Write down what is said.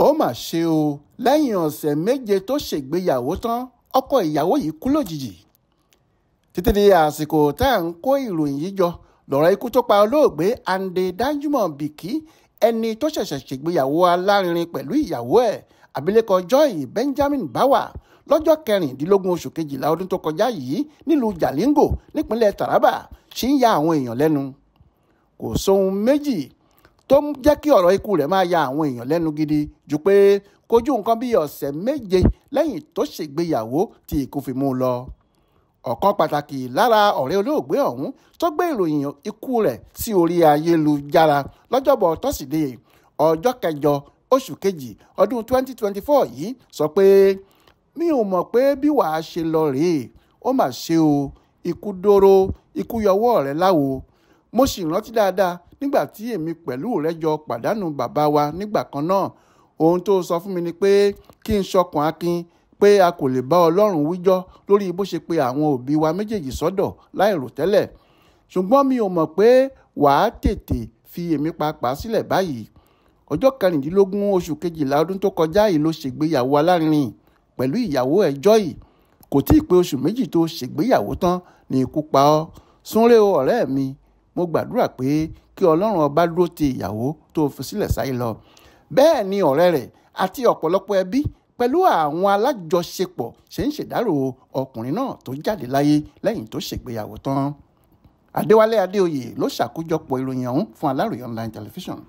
ó mà ṣe o lẹ́yìn ọ̀sẹ̀ méje tó ṣègbéyàwó tán ọkọ ìyàwó yìí kú lójijì títí di àsìkò tá à ń kó ìròyìn yìí jọ lọ́rọ̀ ikú tó pa olóògbé Andy Danjuma Bikki ẹni tó ṣẹ̀ṣẹ̀ ṣègbéyàwó alárinrin pẹ̀lú ìyàwó ẹ̀ abilékọ Joy Benjamin bawa lọ́jọ́ kẹrìndínlógún oṣù kejìlá ọdún tó kọjá yìí nílùú Jalingo nípínlẹ̀ Taraba ṣì ń ya àwọn èèyàn lẹ́nu kò sóhun méjì tó ń jẹ́ kí ọ̀rọ̀ ikú rẹ̀ máa ya àwọn èèyàn lẹ́nu gidi ju pé kojú nǹkan bíi ọ̀sẹ̀ méje lẹ́yìn tó ṣègbéyàwó tí ikú fi mú un lọ. ọ̀kan pàtàkì lára ọ̀rẹ́ olóògbé ọ̀hún tó gbé ìròyìn ikú rẹ̀ sí orí ayélujára lọ́jọ́bọ̀ tọ́sídẹ̀ẹ́ ọjọ́ kẹjọ oṣù kejì ọdún 2024 yìí sọ pé mi ò mọ̀ pé bí wàá ṣe lọ rèé ó mà ṣe o ikú dóró ikú yọwọ́ rẹ̀ láwo mo sì rántí dáadáa nígbà tí èmi pẹ̀lú rẹ jọ pàdánù bàbá wa nígbà kan náà ohun tó sọ fún mi ni pé kí n ṣọkàn akin pé a kò lè bá ọlọ́run wíjọ́ lórí bó ṣe pe àwọn òbí wa méjèèjì sọ́dọ̀ láìròtẹ́lẹ̀ ṣùgbọ́n mi ò mọ̀ pé wàá tètè fi èmi pàápàá sílẹ̀ báyìí ọjọ́ kẹrìndínlógún oṣù kejìlá ọdún tó kọjá yìí ló ṣègbéyàwó alárinrin pẹ̀lú ìyàwó ẹ̀ Joy kò tí ì pé oṣù méjì tó ṣègbéyàwó tán ní ikú pa ọ́ súnrẹ́ ọ̀rẹ́ mi mo gbàdúrà pé kí ọlọ́run ọba dúró ti ìyàwó tó fi sáyé lọ bẹ́ẹ̀ ni ọ̀rẹ́ rẹ̀ àti ọ̀pọ̀lọpọ̀ ẹbí pẹ̀lú àwọn alájọṣepọ̀ ṣe ń ṣèdárò ọkùnrin náà tó jáde láyé lẹ́yìn tó ṣègbéyàwó tán adéwálé adéoyè ló ṣàkójọpọ̀ ìròyìn ọ̀hún fún aláròyé online television.